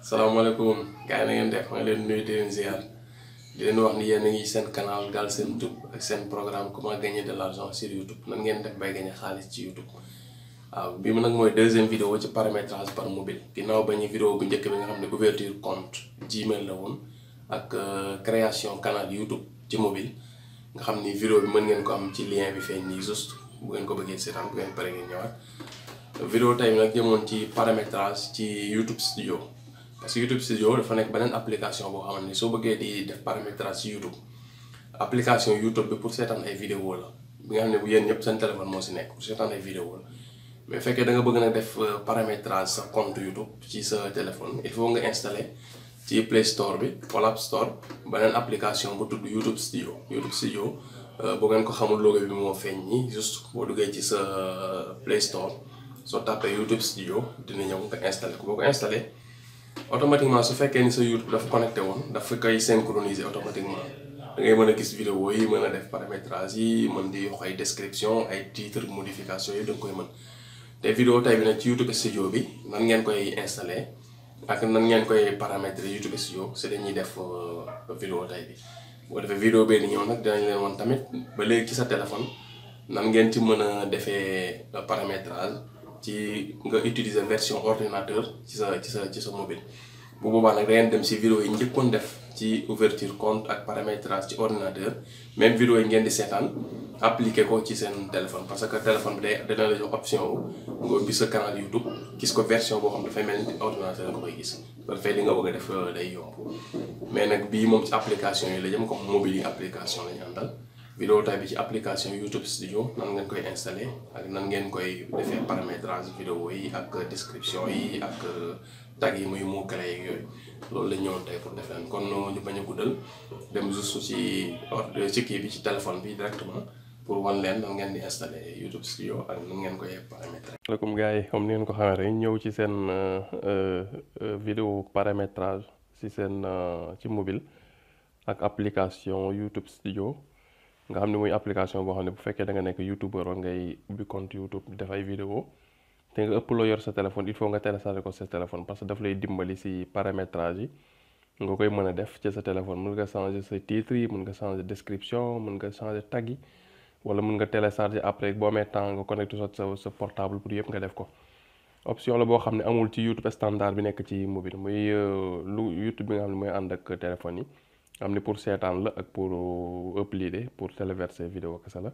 salaamaaleykum gars yi na ngeen def ma leen nuyu di leen leen wax ni yéen a ngi seen canal Galsen Tube ak seen programme comment gagner de l'argent sur YouTube nangeen ngeen def bay gagner xaalis ci YouTube. waaw bi mu nag mooy deuxième vidéo ci paramétrage par mobile ginnaaw ba ñu vidéo bu njëkk bi nga xam ne ouverture compte Gmail la woon ak euh, création canal YouTube ci mobile nga xam ni vidéo bi mën ngeen ko am ci lien bi feeñ nii juste bu ngeen ko bëggee seetaan bu ngeen pare ngeen ñëwaat vidéo tey nag jëmoon ci paramétrage ci YouTube Studio. parce que YouTube Studio dafa nekk beneen application boo xam ne soo bëggee di def paramétrage ci YouTube application YouTube bi pour seetaan ay vidéo la bi nga xam ne bu yéen ñëpp seen téléphone moo si nekk pour seetaan mais fekkee danga nga bëgg na def euh, paramétrage sa compte YouTube ci sa téléphone il faut nga installer ci Play Store bi wala App Store beneen application bu tudd YouTube Studio YouTube Studio euh, bu ngeen ko xamul logo bi moo feeñ nii juste boo duggee ci sa euh, Play Store soo tàppee YouTube Studio dina ñëw installé ko installé. automatiquement su fekkee ni sa YouTube dafa connecté woon dafa koy synchroniser automatiquement da ngay mën a gis vidéo yi mën a def paramétrage yi mën di yokk ay description ay titre modification yi da koy mën te vidéo tey bi nag ci YouTube studio bi nan ngeen koy installé ak nan ngeen koy paramétrer YouTube studio c'est dañuy def euh, vidéo tey bi boo defee vidéo bee di ñëw nag dinañ leen woon tamit ba léegi sa téléphone nan ngeen ci mën a defee euh, paramétrage ci nga utiliser version ordinateur ci sa ci sa ci sa mobile bu boobaa nag da ngeen dem si vidéo yi njëkkoon def ci ouverture compte ak paramétrage ci ordinateur même vidéo yi ngeen di seetaan appliqué ko ci seen téléphone parce que téléphone bi day dana la jox option wu nga ubbi sa canal YouTube gis ko version boo xam dafay mel ni ordinateur nga koy gis ba fay li nga bëgg a def day yomb mais nag bii moom ci application yi la jëm comme mobile yi application la ñu àndal vidéo tay bi ci application YouTube studio nan ngeen koy installé ak nan ngeen koy defee paramétrage vidéo yi ak description yi ak euh, tag yi muy mot clé yeeg yooyu loolu la ñëwoon pour def leen kon ñu bañ guddal dem juste ci euh, ci kii bi ci téléphone bi directement pour wan leen ngeen di installé YouTube studio ak nan ngeen koy paramétrer. asalaamaaleykum gars yi comme ni ngeen ko xamee rek ñëw ci seen euh, vidéo paramétrage ci seen ci mobile ak application YouTube studio. nga xam ne muy application boo xam ne bu fekkee da nga nekk youtubeur wala ngay ubbi youtube def ay te nga ëpp loo yor sa téléphone il faut nga télécharger ko sa téléphone parce que daf lay dimbali si paramétrage yi nga koy mën a def ci sa téléphone mën nga changer sa titre yi mën nga changer description mën nga changer tag wala mën nga télécharger après boo amee temps nga connecté sa sa portable pour yëpp nga def ko option la boo xam ne amul ci YouTube standard bi nekk ci mobile muy euh, lu YouTube bi nga xam ne mooy ànd ak téléphone yi am ni pour seetaan la ak pour euh, uploader pour téléverser vidéo kese la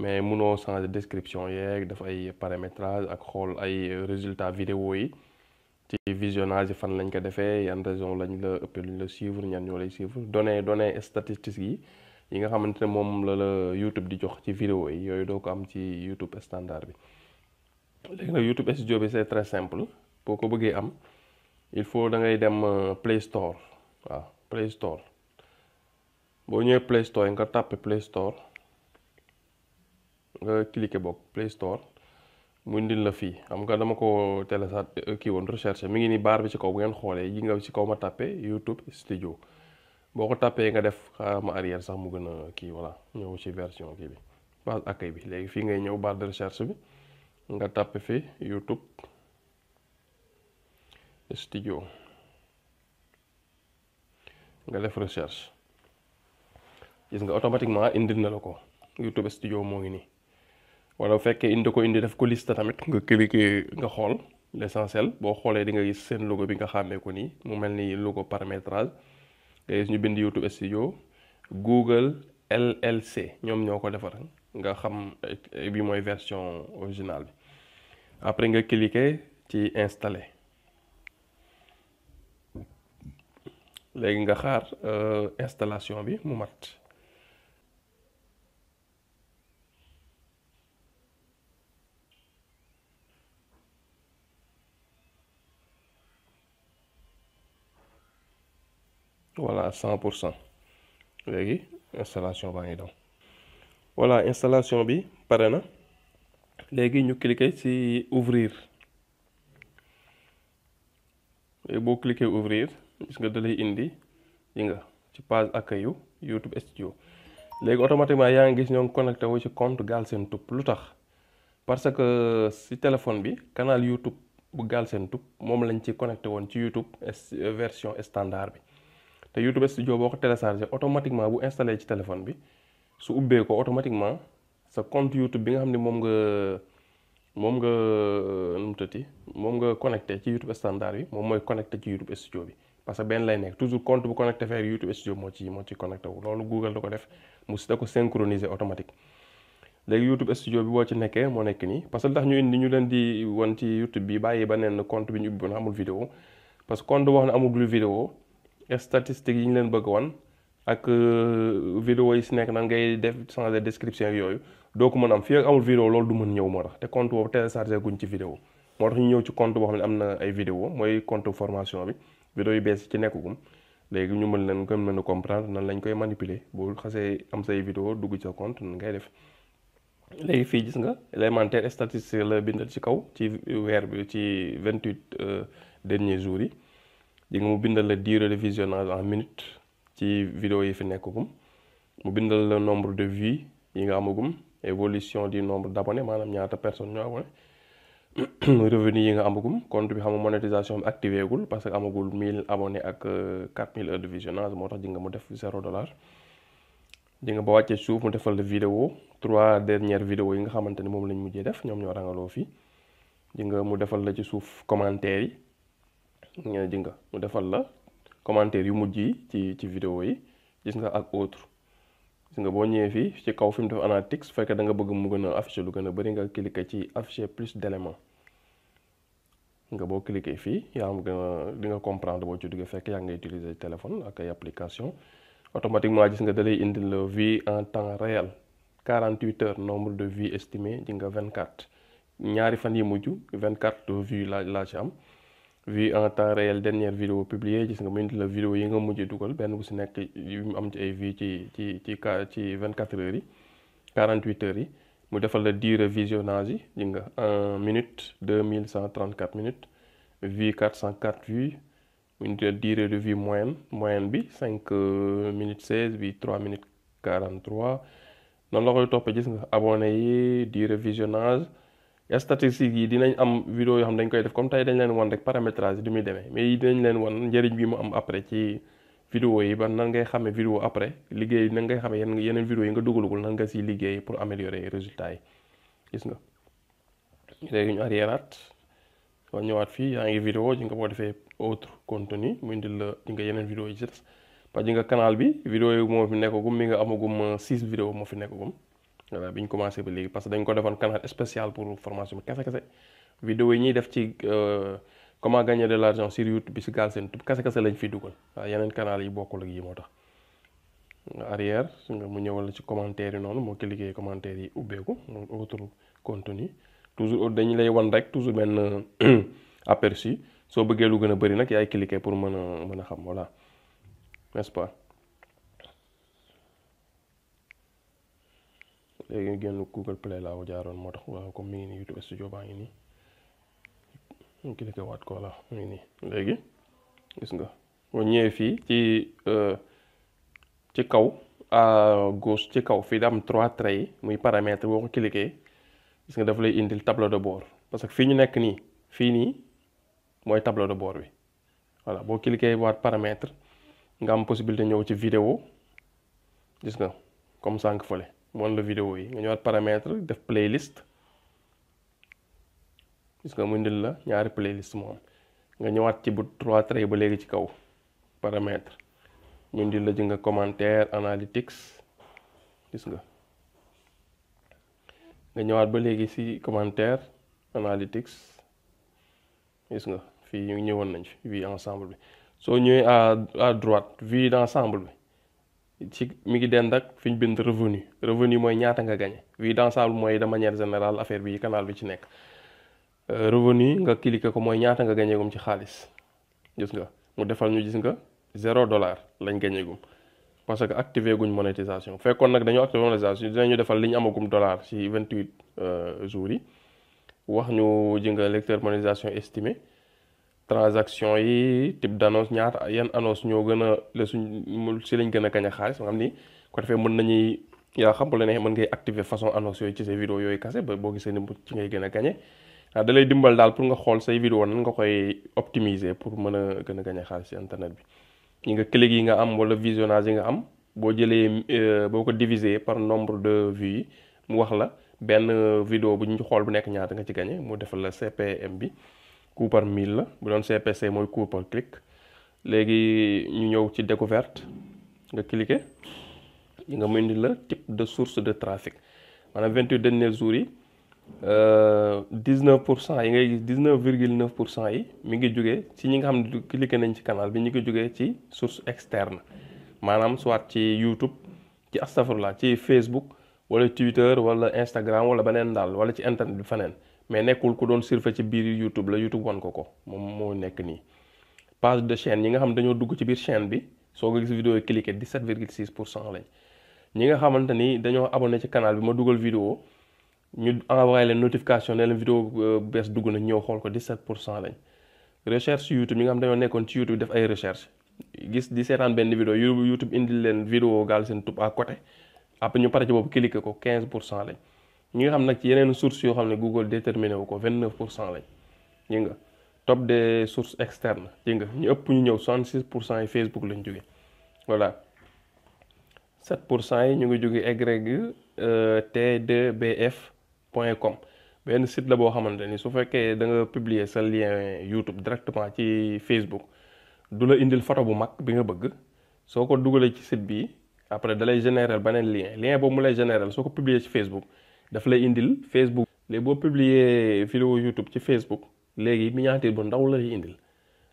mais munoo changer description yeeg def ay paramétrage ak xool ay résultat vidéo yi ci visionnage yi fan lañ ko defee yan raison lañ la ëppee luñ la suivre ñan ñoo lay suivre données données statistiques yi yi nga xamante ne moom la la YouTube di jox ci vidéo yi yooyu doo ko am ci YouTube standard bi léegi nag YouTube Studio bi c'est très simple boo ko bëggee am il faut da ngay dem euh, Play Store waaw Play boo ñëwee play store e nga tàppe play store nga cliquer bokk play store mu indil la fii xam nga dama ko télécharge kii woon recherche mi ngi ni baar bi ci kaw bu ngeen xoolee yi nga ci kaw ma tàppe YouTube studio boo ko tàppee nga def xaaral ma arrière sax mu gën a kii voilà ñëw ci version kii bi base accueil bi léegi fii ngay ñëw barre de recherche bi nga tàppe fi YouTube studio nga def recherche gis nga automatiquement indil na la ko YouTube studio moo ngi nii wala bu fekkee indi ko indi def ko liste tamit nga cliquer nga xool l'essentiel boo xoolee di nga gis seen bi nga xàmmee ko nii mu mel ni logo paramétrage nga ñu bind YouTube studio Google ñoom ñoo ko defar nga xam eh, bi mooy version originale bi après nga cliquer ci installer léegi nga xaar euh, installation bi mu mat voilà cent pour cent léegi installation baa ngi daw voilà installation bi pare na léegi ñu cliquer ci ouvrir léegi boo cliquer ouvrir gis nga dalay indi yi nga ci page accueil yu YouTube Studio léegi automatiquement yaa ngi gis ñoo ngi connecté wu ci compte seen Tube lu tax parce que si téléphone bi canal YouTube bu seen Tube moom lañ ci connecté woon ci YouTube version standard bi te YouTube Studio boo ko téléchargé automatiquement bu installé ci téléphone bi su ubbee ko automatiquement sa compte YouTube bi nga xam ne moom nga moom nga euh, nu mu tëti moom nga connecté ci YouTube standard bi moom mooy connecté ci YouTube Studio bi parce que benn lay nekk toujours compte bu connecté faire YouTube Studio moo ci moo ci connecté wu loolu Google da ko def mu si da ko synchroniser automatique léegi YouTube Studio bi boo ci nekkee moo nekk nii parce que ndax ñu ñu leen di won ci bi bàyyi beneen compte bi ñu ubbi woon amul parce que compte boo xam ne statistiques yi ñu leen bëgg wan ak euh, vidéo yi si nekk nan ngay def changer description yooyu doo ko mën am fii amul vidéo loolu du mën ñëw moo tax te compte boobu téléchargé guñ ci vidéo moo tax ñu ñëw ci compte boo xam ne am na ay vidéo mooy compte formation bi vidéo yu bees ci nekkagum léegi ñu mën leen ko mën a comprendre nan lañ koy manipuler boo xasee am say vidéo dugg sa compte nan ngay def léegi fii gis nga élémentaire statistique la bindal ci kaw ci weer bi ci vingt-huit euh, derniers jours yi di nga mu bindal la durée de visionnage en minute ci vidéo yi fi nekkagum mu bindal la nombre de vues yi nga amagum évolution di nombre d'abonnés maanaam ñaata personne ñoo abonné revenu yi nga amagum compte bi xam nga monétisation bi activé gul parce que amagul 1000 abonnés ak 4000 euh, heures de visionnage moo tax di nga mu def 0 dollar di nga ba wàccee suuf mu defal la vidéo trois dernières vidéos yi nga xamante ne moom lañ mujjee def ñoom ñoo rangaloo fii di nga mu defal la ci suuf commentaire Euh, di nga mu defal la commentaire yu mujj yi ci ci vidéo yi gis nga ak autre nga boo ñëwee fii ci kaw fi mu def analytics su fekkee da nga bëgg mu gën a lu gën bëri nga cliqué ci affiché plus nga boo cliqué fii yaa am gën a li nga comprendre boo ci duggee fekk yaa ngi utiliser téléphone ak ay application automatiquement gis nga da lay indil la vie en temps réel 48 heures nombre de vues estimé di nga 24 ñaari fan yi mujj 24 vie la laa ci am. vu en temps réel dernière vidéo publiée gis nga mu indi la vidéo yi nga mujj dugal benn bu si nekk yu mu am ci ay vues ci ci ci ci vingt quatre heures yi quarante huit yi mu defal la durée visionnage yi gis nga un minute deux mille cent trente quatre minute vues quatre cent quatre vues mu indi la durée de vue moyenne moyenne bi cinq euh, minutes seize bi trois minutes quarante trois noonu la koy toppee gis nga abonné yi durée visionnage. statistiques yi dinañ am vidéo yoo xam dañ koy def comme tey dañ leen wan rek paramétrage du muy demee mais yi dinañ leen wan njëriñ bi mu am après ci vidéo yi ba nan ngay xamee vidéo après liggéey nan ngay xamee yenn yeneen vidéo yi nga dugalagul nan nga si liggéey pour améliorer résultat yi gis nga léegi ñu arriéraat soo ñëwaat fii yaa ngi vidéo ji nga boo defee autre contenu mu indil la di yeneen vidéo yi ci des parce nga kanaal bi vidéo yi moo fi nekkagum mi nga amagum euh, six vidéo moo fi nekkagum voilà bi ñu commencé ba léegi parce que dañ ko defoon canal spécial pour formation bi kese kese vidéo yi ñuy def ci euh, comment gagner de l'argent sur YouTube bi si Galsen Tube kese kese lañ fi dugal waaw yeneen canal yi bokkul ak yi moo tax nga arrière nga mu ñëwal ci commentaire yi noonu moo cliquer commentaire yi ubbeeku moom autre contenu toujours dañu lay wan rek toujours benn euh, aperçu soo bëggee lu gën a bëri nag yaay cliquer pour mën a mën a xam voilà n'est-ce léegi génn Google Play laa ko jaaroon moo tax waaw comme mi ngi nii YouTube studio baa ngi waat ko la mi ngi nii léegi gis nga boo ñëwee fii ci euh, ci kaw à ci kaw fii da am trois traits muy paramètre boo ko cliqué gis nga daf lay indil tableau de bord parce que fii ñu nekk nii fii nii mooy tableau de bord bi voilà boo cliqué waat paramètre nga am possibilité ñëw ci vidéo gis nga comme sànq fële moom la vidéo yi nga ñëwaat paramètre def playlist is nga mu indil la ñaari playlist moom nga ñëwaat ci bu trois traits ba léegi ci kaw paramètre mu indil la ji nga commentaire analytics gis nga nga ñëwaat ba léegi si commentaire analytics gis nga fii ñu ñëwoon nañ fi vue ensemble bi soo ñëwee à à droite vue d'ensemble bi ci mi ngi dend ak fi ñu bind revenu revenu mooy ñaata nga gagné vue d'ensemble mooy de manière générale affaire bi canal bi ci nekk euh, revenu nga cliqué ko mooy ñaata nga gagné gum ci xaalis gis nga mu defal ñu gis nga zéro dollar lañ gagné parce que activé guñ monétisation fekkoon nag dañoo activé monétisation dinañu defal li ñu amagum dollar ci vingt huit euh, jours yi wax ñu jënga lecteur monétisation estimé transaction yi type d' annonce ñaata yan annonce ñoo gën a la suñ si lañ gën a kañ a xaalis nga xam ni ko defee mën nañuy yaa xam bu la neexee mën ngay activer façon annonce yooyu ci say yooyu kase ba boo gisee ni ci ngay gën a gañe waaw ah, lay dimbal daal pour nga xool say vidéo nan nga koy optimiser pour mën a gën a gañe xaalis ci internet bi yi nga clic yi nga am wala visionnage yi nga am boo jëlee euh, boo ko diviser par nombre de vues yi mu wax la benn euh, vidéo bu ñu xool bu nekk ñaata nga ci gañe mu defal la CPM bi coût par mille la bu doon CPC mooy coût par clic léegi ñu ñëw ci découverte nga cliquer yi nga mu indi la type de source de trafic maanaam 28 derniers jours yi 19 euh, pour cent yi ngay gis 19 virgule 9 pour cent yi mi ngi jógee ci ñi nga xam ne cliquer nañ ci canal bi ñu ngi jógee ci source externe maanaam soit ci YouTube ci astafurla ci Facebook wala Twitter wala Instagram wala beneen daal wala ci internet bi faneen mais nekkul ku doon surfer ci biir YouTube la YouTube wan ko ko moom moo nekk nii page de chaîne ñi nga xam dañoo dugg ci biir chaîne bi soo ko gis vidéo yi cliqué 17 virgule pour cent lañ ñi nga xamante ni dañoo abonné ci canal bi ma dugal vidéo ñu envoyé leen notification ne leen vidéo euh, bees dugg nañ ñëw xool ko 17 pour cent lañ recherche YouTube ñi nga xam dañoo nekkoon ci YouTube def ay recherche gis di seetaan benn vidéo YouTube indi leen vidéo Galsen Tube à côté après ñu pare ci boobu cliqué ko 15 pour cent lañ. ñu nga xam nag ci yeneen source yoo xam ne Google déterminé wu ko vingt neuf pour cent lañ ñi nga top de sources externes ci nga ñu ëpp ñu ñëw soixante six pour cent yi Facebook lañ jóge voilà sept pour cent yi ñu ngi jóge egregtdbf euh, point com benn site la boo xamante ni su fekkee danga nga publier sa lien YouTube directement ci Facebook du la indil photo bu mag bi nga bëgg soo ko dugalee ci site bi après da lay générer beneen lien lien boobu mu lay générer soo ko publier ci Facebook daf lay indil Facebook. léegi boo publier vidéo YouTube ci Facebook léegi miniature bu ndaw la lay indil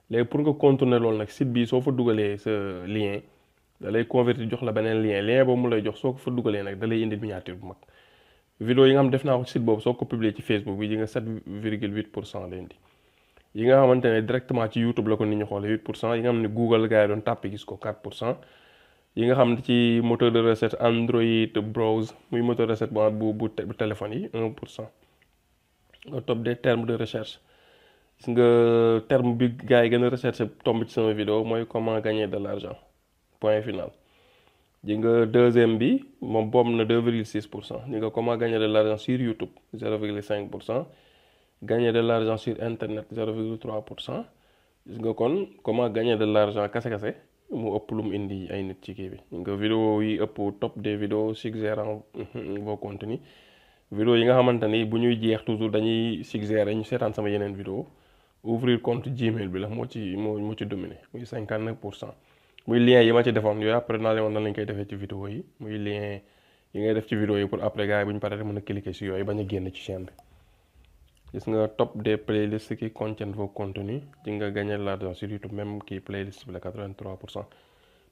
léegi pour nga contourner loolu nag site bi soo fa dugalee sa lien da lay convertir jox la beneen lien lien boobu mu lay jox soo ko fa dugalee nag da lay indil miniature bu mag. vidéo yi nga xam def naa ko site boobu soo ko publier ci Facebook bi di nga 7 virgule 8 pour cent lay indi yi nga xamante ne directement ci YouTube la ko nit ñi xoolee 8 pour cent yi ko 4 pour cent. yi nga xam ne ci moto de recherche Android browse muy moto de recherche bu bu bu téléphone yi 1 pour cent nga top de terme de recherche gis nga terme bi gars yi gën a recherche tomb ci sama vidéo mooy comment gagner de l'argent point final. ji nga deuxième bi moom bomb na 2,6 pour cent ji nga comment gagner de l'argent sur YouTube 0,5 pour cent gagner de l'argent sur internet 0,3 pour cent gis nga kon comment gagner de l'argent kase kase. mu ëpp lu mu indi ay nit ci kii bi nga vidéo yi ëpp top des vidéos suggérant vos contenus vidéo yi nga xamante ni bu ñuy jeex toujours dañuy suggérer ñu seetaan sama yeneen vidéo ouvrir compte Gmail bi la moo ci moo moo ci dominé muy 59 pour cent muy lien yi ma ci defoon yooyu après naa leen woon lañ koy defee ci vidéo yi muy lien yi ngay def ci vidéo yi pour après gars yi bu ñu paree mën a cliquer si yooyu bañ a génn ci chaîne bi gis nga top des playlists qui contiennent vos continue ci nga gagner de l'argent sur YouTube même kii playlist bi la 83 pour cent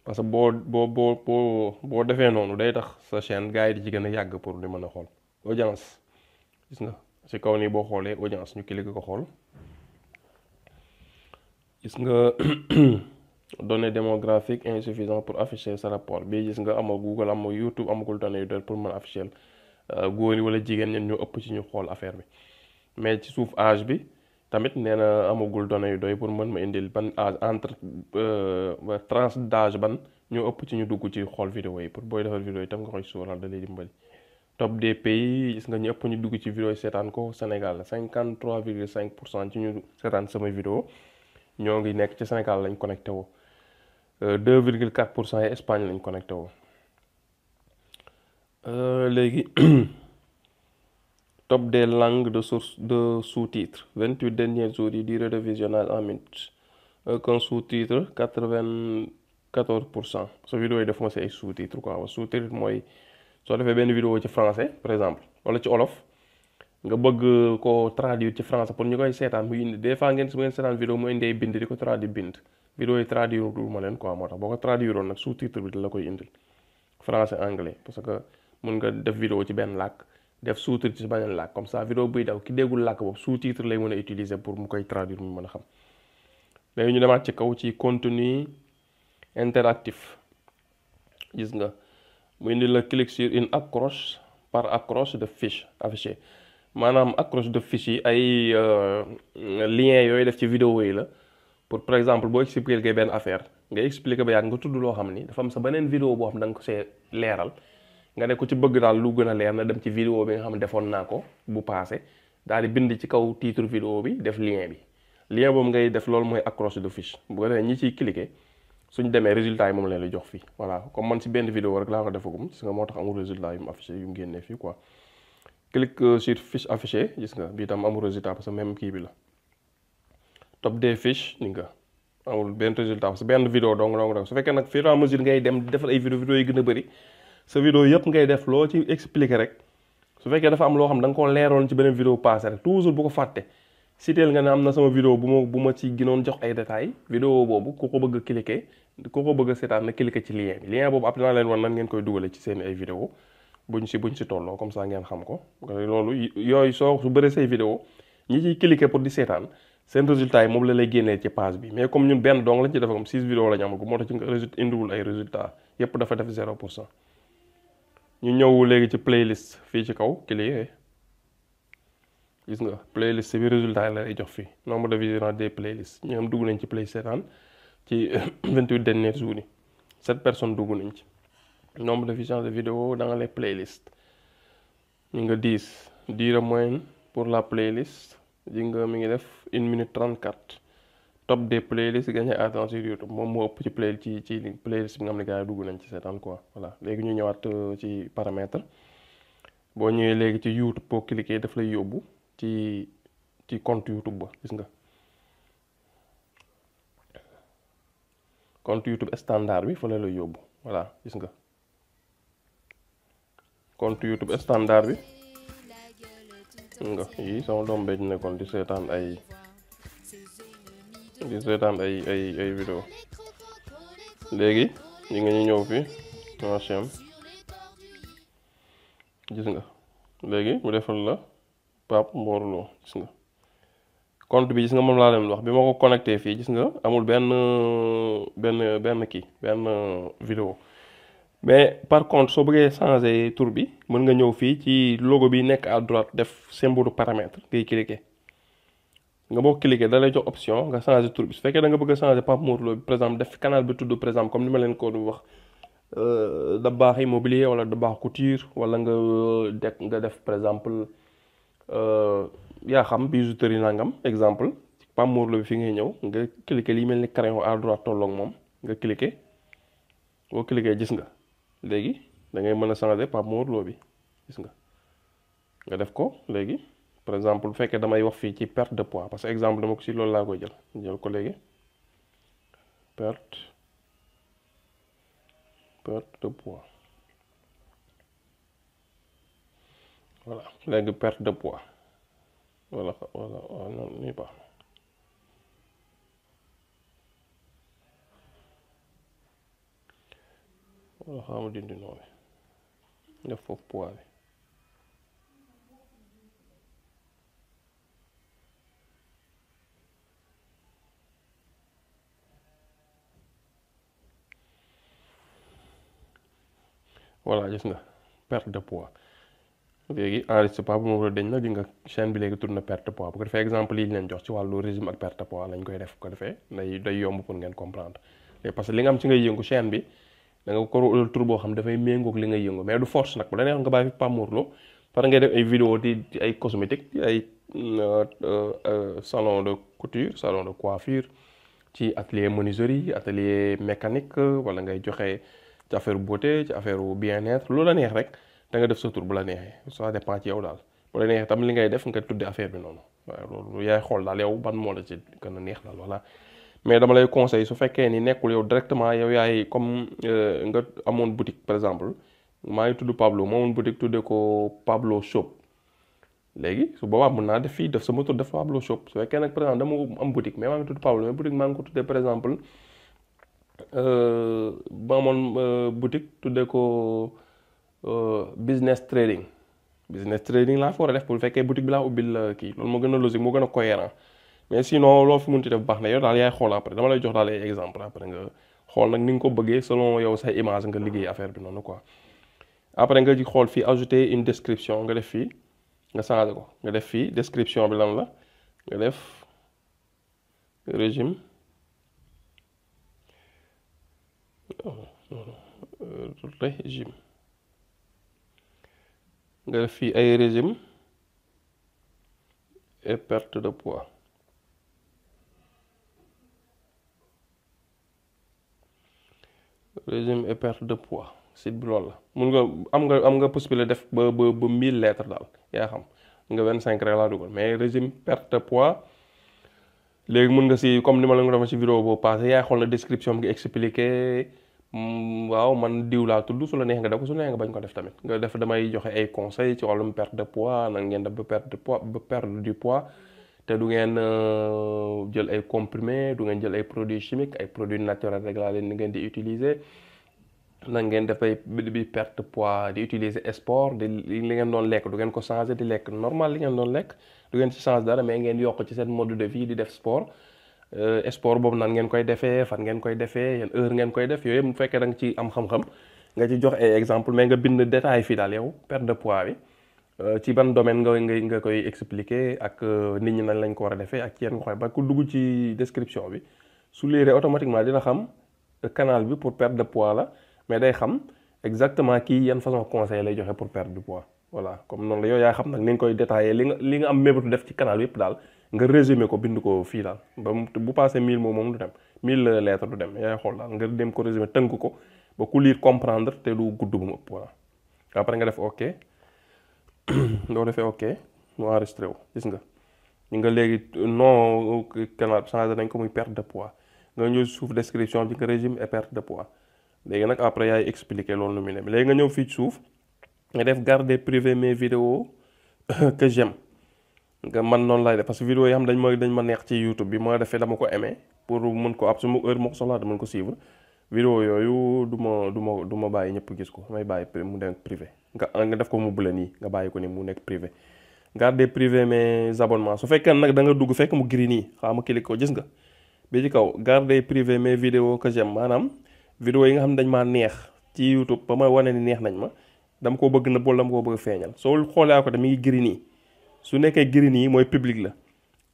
parce que boo boo boo boo boo defee noonu day tax sa chaîne gars yi di jigéen a yàgg pour di mën a xool audience gis nga si kaw nii boo xoolee audience ñu cliquer ko xool gis nga données démographiques insuffisantes pour afficher sa rapport bi gis nga amoo Google amoo YouTube amagul données yu doy pour mën afficher euh, góor yi wala jigéen ñen ñoo ëpp ci ñu xool affaire bi mais ci suuf âge bi tamit nee na amagul données yu doy pour mën ma indil ban âge entre euh, tranche d'âge ban ñoo ëpp ci ñu dugg ci xool vidéo yi pour booy defar vidéo yi tam nga koy sóoral da lay dimbali top des pays gis nga ñu ëpp ñu dugg ci vidéo yi seetaan ko Sénégal 53 virgule cinq pour cent ci ñu seetaan sama vidéo ñoo ngi nekk ci Sénégal lañ connecté woo euh, deux virgule 4 pour cent yi Espagne lañ connecté woo euh, top des langues de source de sous-titres 28 derniers jours yi durée de visionnage en minutes qu'un euh, sous-titre 94 pour cent sa vidéo yi dafa ma si ay sous-titres quoi sous mooy soo defee benn vidéo ci français par exemple wala ci olof nga bëgg ko traduire ci français pour ñu koy seetaan mu indi des fois ngeen su ngeen seetaan vidéo mu indee bind di ko traduire bind vidéo yi traduire du ma leen quoi moo tax boo ko traduire woon nag sous-titre parce que mun nga def vidéo ci benn làkk def sous-titre ci beneen làkk comme ça vidéo buy daw ki déggul làkk boobu sous-titre lay mën a utiliser pour mu koy traduire mu mën a xam léegi ñu demaat ci kaw ci contenu interactif gis nga mu indi la clic sur une accroche par accroche de fiche affichée maanaam accroche de fiche yi ay euh, lien yooyu def ci vidéo yi la pour par exemple boo expliquer benn affaire nga expliquer ba yàgg nga tudd loo xam ni dafa am sa beneen vidéo boo xam da nga ko see leeral nga ne ko ci bëgg daal lu gën a leer na dem ci vidéo bi nga xam defoon naa ko bu passé daal di bind ci kaw titre vidéo bi def lien bi lien boobu ngay def loolu mooy accroche de fiche bu ko defee ñi ciy cliquer suñ demee résultat yi moom leen la jox fi voilà comme man si benn vidéo rek laa ko nga moo tax amul résultat yu mu affiché yu mu génnee euh, gis nga bii tam amul résultat kii bi la top des fiches ni nga amul benn résultat parce que benn vidéo dong dong dong su fekkee nag fur et à mesure ngay dem defal ay vidéo vidéo yi gën a bëri sa vidéo yëpp ngay def loo ci expliquer rek su fekkee dafa am loo xam da nga ko leeroon ci beneen vidéo passé rek toujours bu ko fàtte siteel nga ne am na sama vidéo bu ma bu ma ci ginoon jox ay détails vidéo boobu ku ko bëgg a cliquer ku ko bëgg a seetaan na cliquer ci lien bi lien boobu après naa leen wan nan ngeen koy dugale ci seen ay vidéo buñ si buñ si tolloo comme ça ngeen xam ko loolu yooyu soo su bëree say vidéo ñi ciy cliquer pour di seetaan seen résultat yi moom la lay comme ñun benn dong lañ ci def comme 6 vidéos la ñu amagu moo tax ci nga ñu ñëw léegi ci playlist fii ci kaw cliquer gis nga playlist bi résultat yi la lay jox fii nombre de visionnage des playlists ñu am dugg nañ ci play seetaan ci 28 derniers jours yi sept personnes dugg nañ ci nombre de visionnage de video dans les playlists ñu nga 10 durée moyenne pour la playlist ji nga mi ngi def une minute 34 top des playlists gagné à sur YouTube moom moo ëpp ci play ci ci playlist bi nga xam ne gars yi dugg nañ ci seetaan quoi voilà léegi ñu ñëwaat euh, ci parametre boo ñëwee léegi ci YouTube boo cliquer daf lay yóbbu ci ci compte gis nga compte YouTube standard bi fa la lay yóbbu voilà gis nga compte YouTube standard bi nga yii sama nekkoon di seetaan ay di seetaan ay ay ay vidéo léegi ñu nga ñu ñëw fii machem gis nga léegi mu defal la Pape Mor Lo gis nga compte bi gis nga moom laa leen wax bi ma ko connecté fii gis nga amul benn benn benn kii benn vidéo mais par contre soo bëggee changer tour bi mën nga ñëw fii ci logo bi nekk à droite def symbole paramètre ngay cliquer nga boo cliquer da lay jox option nga changer tur bi su fekkee da nga bëgg a changer Pape Mor Lo bi par exemple def canal bi tudd par exemple ko wax euh, wala nga euh, def nga def par exemple euh, yaa xam bijouterie nangam exemple Pape Mor bi fi ngay ñëw nga cliquer li mel ni crayon à droite tolloog moom nga cliquer boo cliquer gis nga léegi dangay mën a changer Pape Mor bi gis nga nga def ko léegi. par exemple bu fekkee damay wax fii ci perte de poids parce que exemple dama ko si loolu laa koy jël jël ko léegi perte perte de poids voilà léegi perte de poids voilà noonu nii baax na voilà xaaral ma foofu poids bi voilà gis nga perte de pois léegi enregistrement bu ma la di nga chaîne bi léegi tourne perte de poids bu ko defee exemple yi ñu leen jox ci wàllu régime ak perte de poids lañ koy def ko defee day day yomb pour ngeen comprendre léegi parce que li nga am ci ngay yëngu chaîne bi da ko tur boo xam dafay méngoog li ngay yëngu mais du force nag bu la neex nga bàyyi fi pamurlo parce que ngay def ay vidéo di ay cosmétique di ay euh, euh, salon de couture salon de coiffure ci atelier yi atelier mécanique wala ngay joxe. ci affaire beauté ci affaire bien-être lu la neex rek da nga def sa tur bu la neexee ça dépend ci yow daal bu la neexee tam li ngay def nga tudde affaire bi noonu waaye loolu yaay xool daal yow ban moo la ci gën a neex daal voilà mais dama lay conseil su fekkee ni nekkul yow directement yow yaay comme euh, nga amoon boutique par exemple maa ngi tudd Pablo ma amoon boutique tudde ko Pablo Shop léegi su boobaa mën naa def fii def sama tur def Pablo Shop su fekkee nag par exemple dama am boutique mais maa ngi tudd Pablo mais boutique maa par exemple Euh, ba amoon euh, boutique tuddee ko euh, business trading business trading laa fa war a def bu fekkee boutique bi laa ubbil kii loolu moo gën a logique moo gën a cohérent mais sinon loo fi munti def baax na yow daal yaay xool après dama lay jox daal ay exemple après nga xool nag ni nga ko bëggee selon yow say image nga liggéey affaire bi noonu quoi après nga ci xool fii ajouter une description nga def fii nga changé ko nga def fii description bi lan la nga def régime régime nga def fii ay régime et perte de poids régime et perte de poids site bi loolu la mun nga am nga am nga possibilité def ba ba ba mille lettres daal yaa xam nga vingt cinq rek laa dugal mais régime perte de poids léegi mun nga si comme ni ma la nga defa ci vidéo boobu passé yaay xool na description mu ngi expliqué Mm, waaw man diw laa tudd su la neex nga def ko su la nga bañ ko def tamit nga def damay joxe ay conseils ci wàllum perte de poids nan ngeen def ba perte de poids ba te du ngeen euh, jël ay comprimés du ngeen jël ay produits chimiques ay produits naturels rek laa leen ngeen di utiliser nan ngeen dafay di perte poids di utiliser sport di li ngeen doon lekk du ngeen ko changer di lekk normal li ngeen doon lekk du ngeen ci changer dara mais ngeen yokk ci seen mode de vie di def sport. Eh, sport boobu nan ngeen koy defee fan ngeen koy defee yan heure ngeen koy def yooyu bu fekkee da nga ci am xam-xam nga ci jox ay exemple mais nga bind détail fii daal yow perte de pois bi eh, ci ban domaine nga nga nga koy expliquer ak eh, nit ñi nan lañ ko war a defee ak yeen nga koy ba ku dugg ci description bi su liiree automatiquement dina xam canal bi pour perte de pois la mais day xam exactement kii yan façon conseil lay joxe pour perte du poids voilà comme noonu la yow yaa xam nag ni nga koy détaillé li nga li nga am mébatu def ci canal yëpp daal nga résumé ko bind ko fii daal ba bu passé mille moom moom du dem mille lettres du dem yaay xool daal nga dem ko résumé tënk ko ba ku lire comprendre te du gudd bu mu ëpp voilà après nga def ok doo defee ok mu enregistré wu gis nga ñu nga léegi non canal changé nañ ko muy perte de poids nga ñëw suuf description bi nga régime et perte de poids léegi nag après yaay expliqué loolu nu léegi nga ñëw fii ci suuf nga def garder privé mes vidéos que j'aime nga man noonu laay parce que vidéo yi xam dañ dañ ma neex ci YouTube bi ma defee dama ko aimé pour mën ko ab su ma heure ma ko soxlaa ko suivre vidéo yooyu du ma du ma du ma bàyyi ñëpp gis ko may bàyyi mu nekk privé nga nga def ko mu bula nii nga bàyyi ko ni mu nekk privé garder privé mes abonnements su fekkee nag da nga dugg fekk mu giri nii xaa ma cliquer ko gis nga bi ci kaw garder privé mais vidéos que j'aime maanaam vidéo yi nga xam ne dañ maa neex ci YouTube ba may wane ni neex nañ ma dama ko bëgg na bool dama koo bëgg feeñal soo xoolee ko mi ngi giri nii su nekkee giri yi mooy public la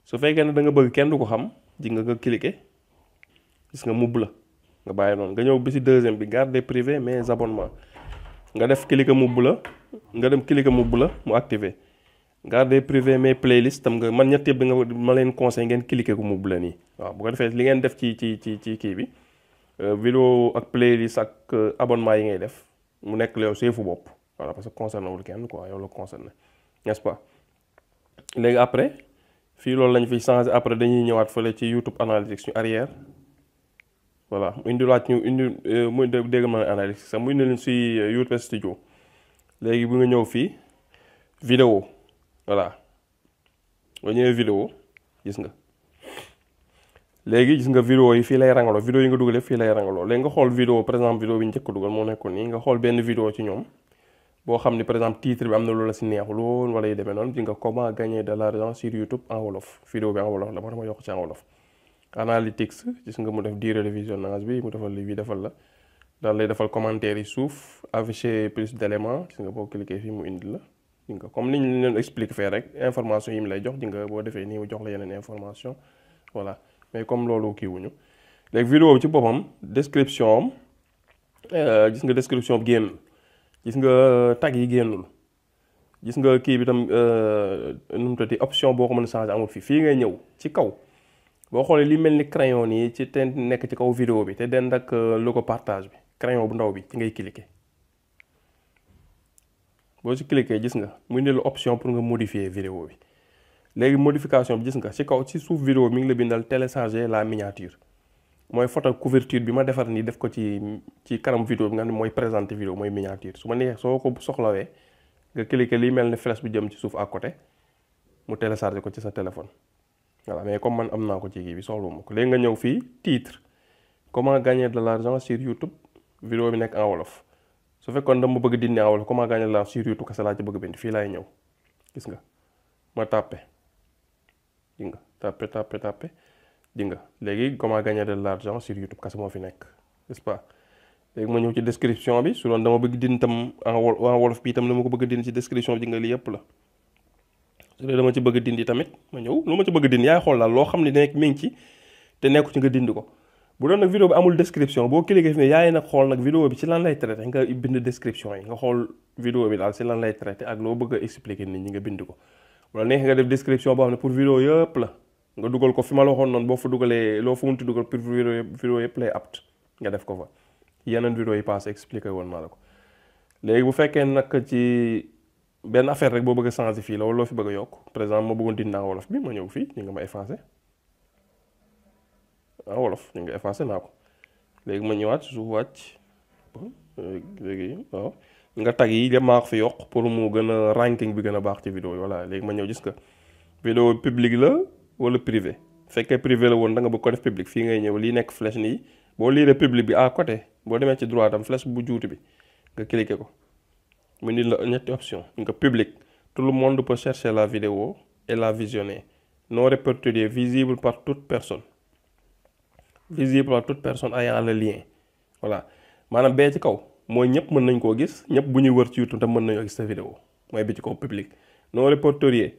su fekkee ne da nga bëgg kenn du ko xam ji nga ko cliquer gis nga mubb la nga bàyyi noonu nga ñëw bi si deuxième bi garder privé mes abonnements nga def cliquer mubb la nga dem cliquer mubb la mu activé garder privé mais playlists tam nga man ñett yëpp nga ma leen conseil ngeen cliquer ko mubb la nii waaw bu ko defee li ngeen def ci ci ci ci kii bi euh, vidéo ak playlist ak euh, abonement yi ngay def mu nekk la yow seefu bopp voilà parce que concerné wul kenn quoi yow la concerné n'est-ce pas léegi après fii loolu lañ fiy changé après dañuy ñëwaat fële ci YouTube analytics ñu arrière voilà mu indilaat ñu indi euh, mu dégg ma analytics sax mu indi leen si euh, YouTube studio léegi bu nga ñëw fii vidéo voilà ba ñëwee vidéo gis nga léegi gis nga vidéo yi fii lay rangaloo vidéo yi nga dugal fii lay rangaloo léegi nga xool vidéo par exemple vidéo bi njëkk dugal moo nekkoon nii nga xool benn vidéo ci ñoom boo xam ne par exemple titre bi am na loolu la si neexuloon wala yu demee noonu di nga comment gagner de l'argent sur YouTube en wolof vidéo bi en wolof la moo tax yokk ci en wolof analytics gis nga mu def diire de visionnage bi mu defal lii bi defal la daal lay defal commentaire yi suuf afficher plus d'éléments gis nga boo cliquer fii mu indi la di nga comme ni ñu leen explique fee rek information yi mu lay jox di nga boo defee nii mu jox la yeneen information voilà mais comme loolu kii wuñu léegi vidéo bi ci boppam description am euh, gis nga description bi génn gis nga tag yi génnul gis nga kii bi tam euh, nu mu tati option boo ko man a changer amul fii fii ngay ñëw ci kaw boo xoolee li mel ni crayon nii ci te nekk ci kaw vidéo bi te dend ak euh, logo partage bi crayon bu ndaw bi ci ngay cliquer boo ci cliquer gis nga mu ne la option pour nga modifier vidéo bi léegi modification bi gis nga ci kaw ci suuf vidéo mi ngi la bindal télécharger la miniature mooy photo couverture bi ma defar nii def ko ci ci kanam vidéo bi nga xam ne mooy présenté vidéo mooy miniature su ma neexee soo ko soxlawee nga cliquer li mel ne flash bu jëm ci suuf à côté mu télécharger ko ci sa téléphone voilà mais comme man am naa ko ci kii bi soxlawuma ko léegi nga ñëw fii titre comment gagner de l'argent sur YouTube vidéo bi nekk en wolof su fekkoon dama bëgg dindi en wolof comment gagner de l'argent sur YouTube kese laa ci bëgg bind fii laay gis nga ma tàppe gis di nga léegi comment gagner de l'argent sur YouTube kese fi nekk n'est-ce pas léegi ma ñëw ci description bi su doon dama bëgg dind tam en wolof bi tam dama ko bëgg din ci description bi nga li yëpp la su ci bëgg dindi tamit ma ñëw lu ma ci bëgg dindi yaay xool daal loo xam ne nekk mi ngi ci te nekku ci nga dindi ko bu doon nag vidéo bi amul description boo cliqué fi ne yaay nag xool nag vidéo bi ci lan lay traité nga bind description yi nga xool vidéo bi daal ci lan lay traité ak loo bëgg a expliquer nit ñi bind ko wala neex nga boo ne pour vidéo yëpp la nga dugal ko fi ma la waxoon noonu boo fa dugalee loo fa munti dugal pour vidéo yëpp lay apt nga def ko fa yeneen vidéo yi passé expliqué woon naa la ko léegi bu fekkee nag ci benn affaire rek boo bëgg a changer fii la wala loo fi bëgg a yokk par exemple ma bëggoon dindi naa wolof bi ma ñëw fii ñu nga ma effacé ah wolof ñu nga effacé naa ko léegi ma ñëwaat suuf wàcc léegi waaw nga tag yi lépp maa ko fi yokk pour mu gën a ranking bi gën a baax ci vidéo yi voilà léegi ma ñëw gis nga vidéo publique la wala privé bu fekkee privé la woon da nga bëgg ko def public fii ngay ñëw lii nekk flèche nii boo liiree public bi à côté boo demee ci droit am flèche bu juuti bi nga cliquer ko mu ni la ñetti option nga public tout le monde peut chercher la vidéo et la visionner non répertoriée visible par toute personne visible par toute personne ayant le lien voilà maanaam bee ci kaw mooy ñëpp mën nañ koo gis ñëpp bu ñuy wër ci YouTube tam mën nañoo gis sa vidéo mooy bi ci kaw public non répertoriée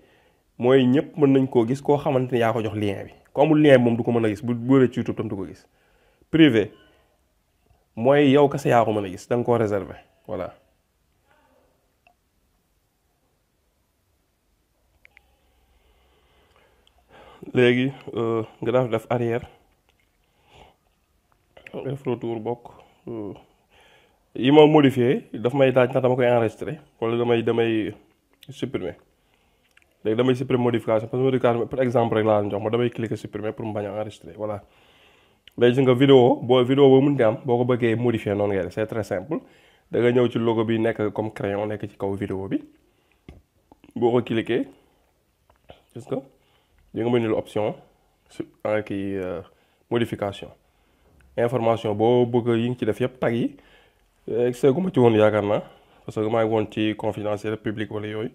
mooy ñëpp mën nañ koo gis koo xamante ni yaa ko jox lien bi ku amul lien bi moom du ko mën a gis bu bëree ci YouTube tam du ko gis privé mooy yow kese yaa ko mën a gis da nga koo réserver voilà. léegi euh, nga daal def arrière def bokk euh. yi ma modifié daf may daaj ndax dama koy wala damay damay supprimer. léegi damay supprimer modification parce que modification par exemple rek laa jox ma damay cliquer supprimer pour mu bañ a enregistrer si nga vidéo boo vidéo boo mënti am boo ko bëggee modifier noonu ngay def c'est très simple da nga ñëw ci logo bi nekk comme crayon nekk ci kaw vidéo bi boo ko cliquer gis nga di nga mën lu option su ah, kii euh, modification information boo bëgg yi ngi ci def yëpp tag yi eh, seegu ma ci woon yaakaar na parce que maa ngi woon ci confidentiel public wala yooyu.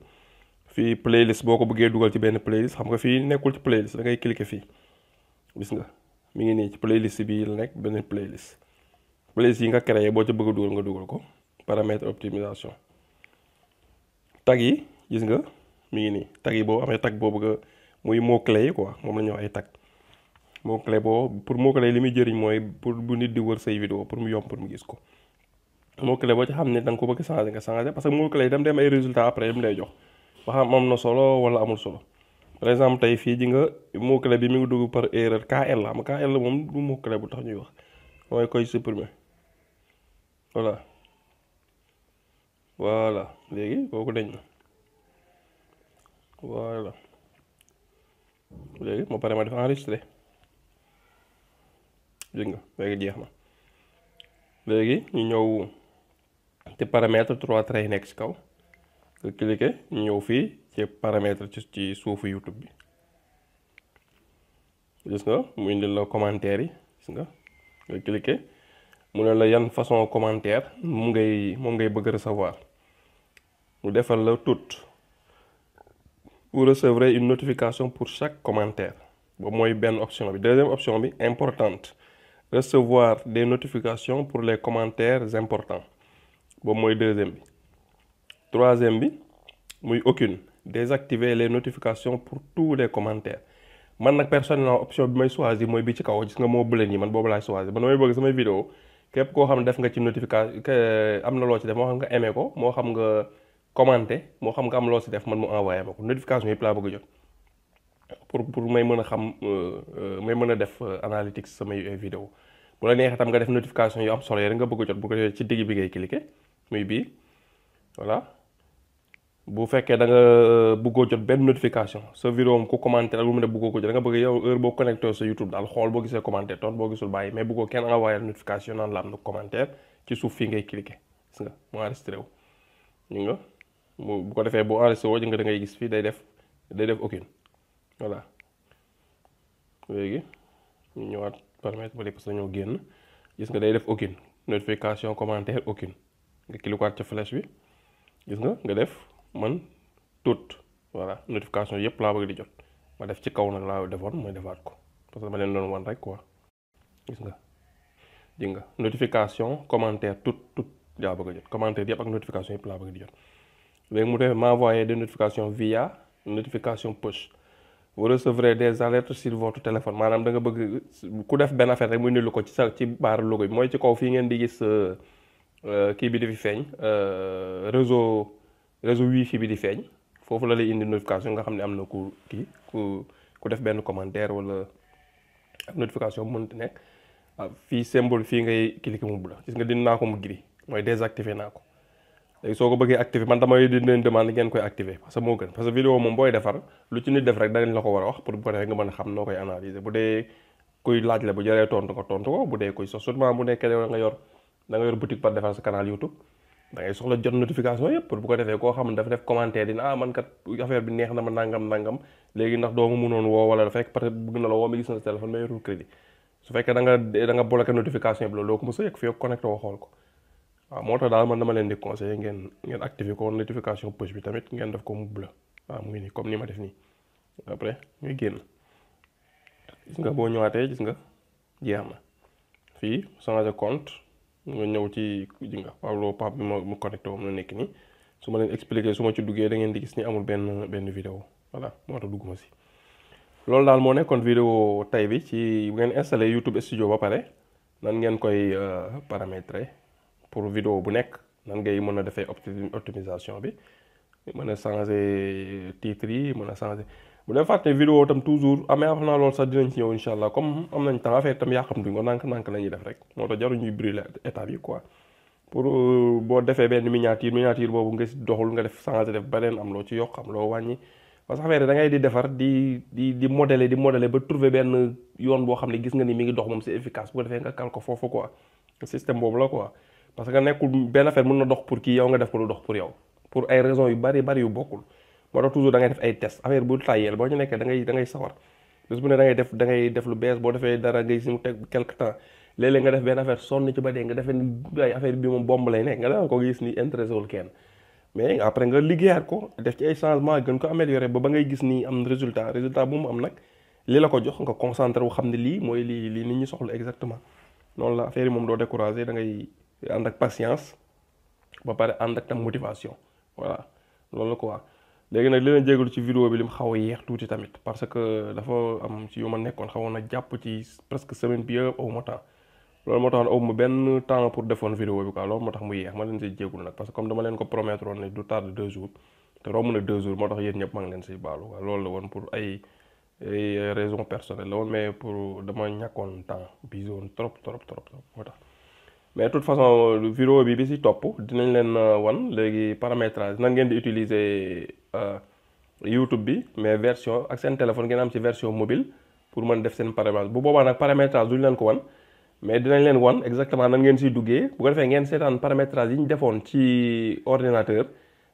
fii playlist boo ko bëggee dugal ci benn playlist xam nga fii nekkul ci playlist da ngay cliquer fii gis nga mi ngi nii ci playlist bii la nekk benn playlist playlist yi nga créé boo ca bëgg a dugal nga dugal ko paramètre optimisation tag yi gis nga mi ngi nii tag yi boo amee tag boo bëgg a muy mot clé yi quoi moom la ñu wax ay tag mot clé boo pour mot clé li muy jëriñ mooy pour bu nit di wër say vidéo pour mu yomb pour mu gis ko mot clé boo ci xam ne da ko bëgg changer nga changer parce que lay jox wax xam am na solo wala amul solo par exemple tey fii ji nga mot clé bi mi ngi dugg par erreur KL la am KL moom du mot clé bu tax ñuy wax mooy koy supprimer voilà voilà léegi kooku dañ na léegi ma pare ma def enregistré dégg nga léegi jeex na léegi ñu ñëw te paramètre trois traits yi nekk ci kaw nga cliqué ñëw fii ci paramètre ci suufu YouTube bi gis nga mu indil la commentaire yi gis nga nga cliqué mu ne la yan façon commentaire mu ngay moom ngay bëgg recevoir mu defal la tout vous recevrez une notification pour chaque commentaire ba mooy benn option bi deuxième option bi importante recevoir des notification pour les commentaires importants boobu mooy deuxième bi troisième bi muy aucune désactiver les notifications pour tous les commentaires man nag personne option bi may choisir mooy bi ci kaw gis nga moo bële nii man boobu laay choisir man damay bëgg samay vidéo képp koo xam ne def nga ci notification am na loo ci def moo xam nga aimé ko moo xam nga commenté moo xam nga am loo si def man mu envoyé ma ko notification yëpp laa bëgg jot pour pour may mën a xam euh, euh, may mën a def euh, analytics samay vidéo bu la neexee tam nga def notification yu am solo rek nga bëgg jot bu ko ci digg bi ngay cliqué muy bii voilà bu fekkee danga nga euh, bëggoo jot benn notification sa vidéo am ku commenté ak lu mu ne bëggoo ko jot da nga bëgg yow heure boo connecté sa YouTube daal xool boo gisee commentaire toon boo gisul bàyyi mais bëggoo kenn envoyé notification naan la am na commentaire ci suuf fii ngay cliqué gis nga mu enregistré ñu nga mu bu ko defee bu enregistré woo nga da ngay gis fii day def day def aucune voilà léegi ñu ñëwaat permettre ba lépp parce que ñoo génn gis nga day def aucune notification commentaire aucune nga cliquaat ca flèche bi gis nga nga def man tout voilà notification yëpp laa bëgg di jot ma def ci kaw nag laa defoon mooy defaat ko parce que dama leen doon wan rek quoi gis nga ji nga notification commentaire tout tout laa bëgg a jot commentaire yëpp ak notification yëpp laa bëgg di jot léegi mu ma m'envoyer des notifications via notification push vous recevrez des alertes si votre téléphone maanaam da nga bëgg ku def benn affaire rek mu lu ko ci sa ci baar logo bi mooy ci kaw fii ngeen di gis euh, euh, kii bi di fi feeñ euh, réseau réseau wifi bi di feeñ foofu la lay indi notification nga xam ne am na ku kii ku ku def benn commentaire wala ak notification bu nekk ah, fii symbole fii ngay cliquer nga dindi naa ko mu gris mooy désactiver naa ko léegi soo ko bëggee activer man damay di leen demande ngeen koy activer parce que moo gën parce que vidéo moom booy defar lu ci nit def rek danañ la ko war a wax pour bu ko defee nga mën a xam noo koy analyser bu dee kuy laaj la bu jëree tontu ko tontu ko bu da ngay soxla jot notification yëpp pour bu ko defee koo xam ne dafa def commentaire dina ah man kat affaire bi neex na ma nangam nangam léegi ndax doo ma mënoon woo wala dafa fekk peut être bëgg na la woo ma gis na sa téléphone ma yorul nga da nga bloqué notification bi loolu doo ko a yëg fii connecté woo ko waaw moo leen di conseillé ngeen ngeen activé ko notification push bi tamit ngeen def ko mu waaw mu ngi nii comme ni ma def nii après muy génn gis nga boo ñëwaatee gis nga jeex na fii changé compte nga ñëw ci ji nga waaw loolu Pape bi ma ma connecté na nekk nii su ma leen expliqué su ma ci duggee da ngeen di gis ni amul benn benn vidéo voilà moo tax dugguma si. loolu daal moo nekkoon vidéo tey bi ci bu ngeen installé YouTube studio ba pare nan ngeen koy euh, paramétrer pour vidéo bu nekk nan ngay mën a defee optimisation bi. mën a changé titre yi mën a changé bu leen fàtte vidéo tam toujours amee xam na loolu sax dinañ ci ñëw insha allah comme am nañ temps affaire tam yàqamtuñ ko nànk-nànk la ñuy def rek moo tax jaru ñuy pour euh, boo defee benn miniature miniature boobu nga si doxul nga def changé def beneen am loo ci yokk am loo wàññi parce que affaire da ngay di defar di di di modeler di modeler ba trouver benn yoon boo xam ne gis nga ni mi ngi dox moom c'est efficace bu ko defee nga kal ko foofu quoi système boobu la quoi parce que nekkul benn affaire mën na dox pour pour ay raisons yu bari bari yu bokkul moo tax toujours da def ay test affaire bu tàyyeel boo ñu nekkee da ngay da ngay sawar bés bu ne da ngay def lu bees boo defee dara ngay si mu teg quelque temps léeg-léeg nga def benn affaire sonn ci ba dee nga defee ni ay affaire bi moom bomb lay nekk nga def ko gis ni intéressé wul kenn mais après nga liggéeyaat ko def ci ay changement gën ko amélioré ba ba ngay gis ni am résultat résultat bu mu am nag li la ko jox nga concentré wu xam ne lii mooy lii lii nit ñi soxla exactement noonu la affaire yi moom doo découragé da ngay ànd ak patience ba pare ànd ak tam motivation voilà loolu quoi léegi nag li leen jégalu ci vidéo bi li mu xaw a yeex tuuti tamit parce que dafa am ci yu ma nekkoon xawoon na jàpp ci presque semaine bi yëpp aw ma temps loolu moo tax ma benn temps pour defoon vidéo bi quoi moo tax mu yeex ma leen see jégalu nag parce que comme dama leen ko promettre woon ne du tard deux jours te romb na deux jours moo tax yéen ñëpp maa ngi leen si baalu quoi loolu la woon pour ay raison personnelle la woon mais pour dama ñàkkoon temps bi woon trop trop trop trop moo mais tout toute façon vidéo bi bi si topp dinañ leen euh, wan léegi paramétrage nan ngeen di utiliser euh, YouTube bi mais version ak seen téléphone ngeen am ci version mobile pour man def seen paramétrage bu boobaa nag paramétrage duñ leen ko wan mais dinañ leen wan exactement nan ngeen si duggee bu ko defee ngeen seetaan paramétrage yi ñu defoon ci ordinateur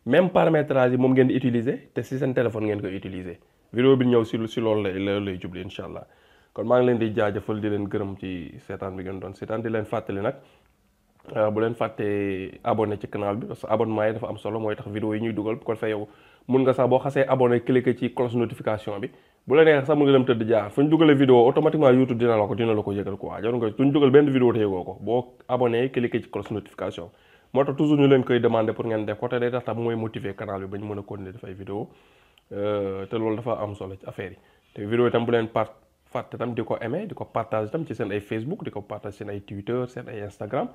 même paramétrage yi moom ngeen di utiliser te si seen téléphone ngeen ko utiliser. vidéo bi ñëw si si loolu lay lay jubli incha allah kon maa ngi leen di jaajëfal di leen gërëm ci seetaan bi ngeen doon seetaan di leen fàttali nag. Euh, bu leen fàttee abonné ci canal bi parce que abonnement yi dafa am solo mooy tax vidéo yi ñuy dugal bu ko defee yow mun nga sax boo xasee abonné cliquer ci cloche notification bi bu la neexee sax mun nga dem tëdd jaar fu ñu dugalee vidéo automatiquement YouTube dina la ko dina la ko tax toujours ñu leen koy demandé pour ngeen def ko te tam euh, am solo ci affaire yi te vidéo itam bu leen part fàtte tam di ko aimé di ko partage itam ci seen ay Facebook di ko partage seen ay Twitter seen ay Instagram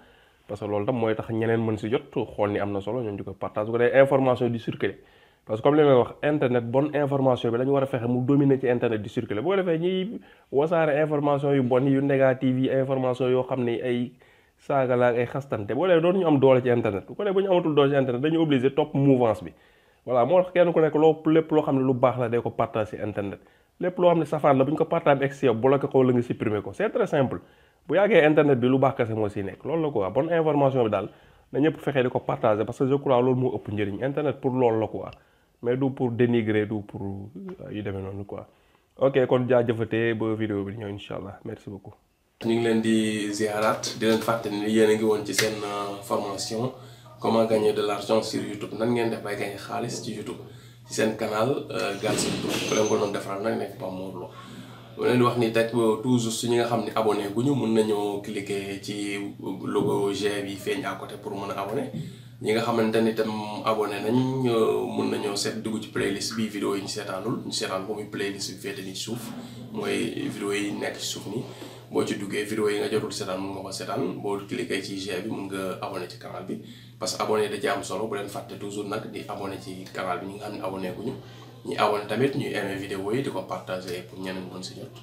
parce que loolu tam mooy tax ñeneen mën si jot xool ni am na solo ñoom di ko partage ko dee information di circuler parce que comme li may wax internet bonne information bi la war a fexe mu dominer ci internet di circuler bu ko defee ñiy négative yi information yoo xam ni ay saaga xastante bu ko defee ñu doole ci internet bu ko defee bu ñu amatul doole ci internet dañu obligé topp mouvance bi voilà moo tax kenn ku nekk loo lépp loo xam ne lu baax la day ko partage ci internet lépp loo xam ne safaan la bu ñu ko partage bi egg si yow bloqué ko ko c'est très bu yàggee internet bi lu baax kese moo si nekk loolu la quoi bonne information bi daal na ñëpp fexee di ko partager parce que je crois loolu moo ëpp njëriñ internet pour loolu la quoi mais du pour dénigrer du pour euh, yu demee noonu quoi ok kon jaajëfatee ba vidéo bi di ñëw incha allah merci beaucoup. ñu ngi leen di ziaraat di leen fàttali ni yéen a ngi woon ci seen euh, formation comment gagner de l'argent sur YouTube nan ngeen def bay gagner xaalis ci YouTube ci seen canal euh, Galsen Tube ku leen ko doon ma leen wax nii ni teg toujours su ñi nga xam ne abonné gu ñu mun nañoo cliquer ci logo G yi feeñ à côté pour mën a abone ñi nga xamante ni tam abonné nañ mun nañoo seet dugg ci playlist bi vidéo yi ñu seetaanul ñu seetaan ko muy ci suuf mooy nekk ci suuf nii boo ci duggee vidéo yi nga jotul seetaan mun nga ko seetaan boo cliquer ci G bi mun nga abonné ci canal bi parce que abonné da ci am solo bu leen fàtte toujours nag di abonné ci canal bi ñi nga xam ne abonné gu ñu ñu abonné tamit ñuy aimé vidéo yi di ko partagé pour ñeneen mën si jot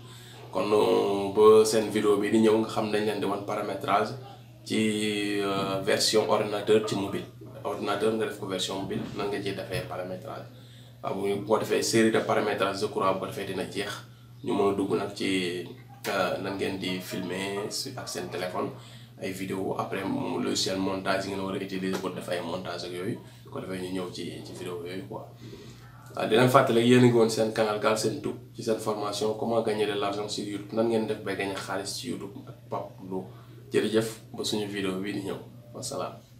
kon euh, ba seen vidéo bi di ñëw nga xam dañ leen di wan paramétrage ci euh, version ordinateur ci mobile ordinateur nga def ko version mobile nan nga ciy defee paramétrage waaw bu boo defee série de paramétrage je crois boo defee dina jeex ñu moo dugg nag ci euh, nan ngeen di filmer ak seen téléphone ay vidéo après logiciel montage yi ngeen war a utiliser pour def montage ak yooyu ko defee ñu ñëw ci ci vidéo waaw ah, di leen fàttali yéen a ngi seen canal Galsen Tube ci seen formation comment gagner de l'argent sur nan ngeen def bay gagner xaalis ci YouTube ak Pape Lo jërëjëf ba suñu vidéo bii di ñëw wasalaam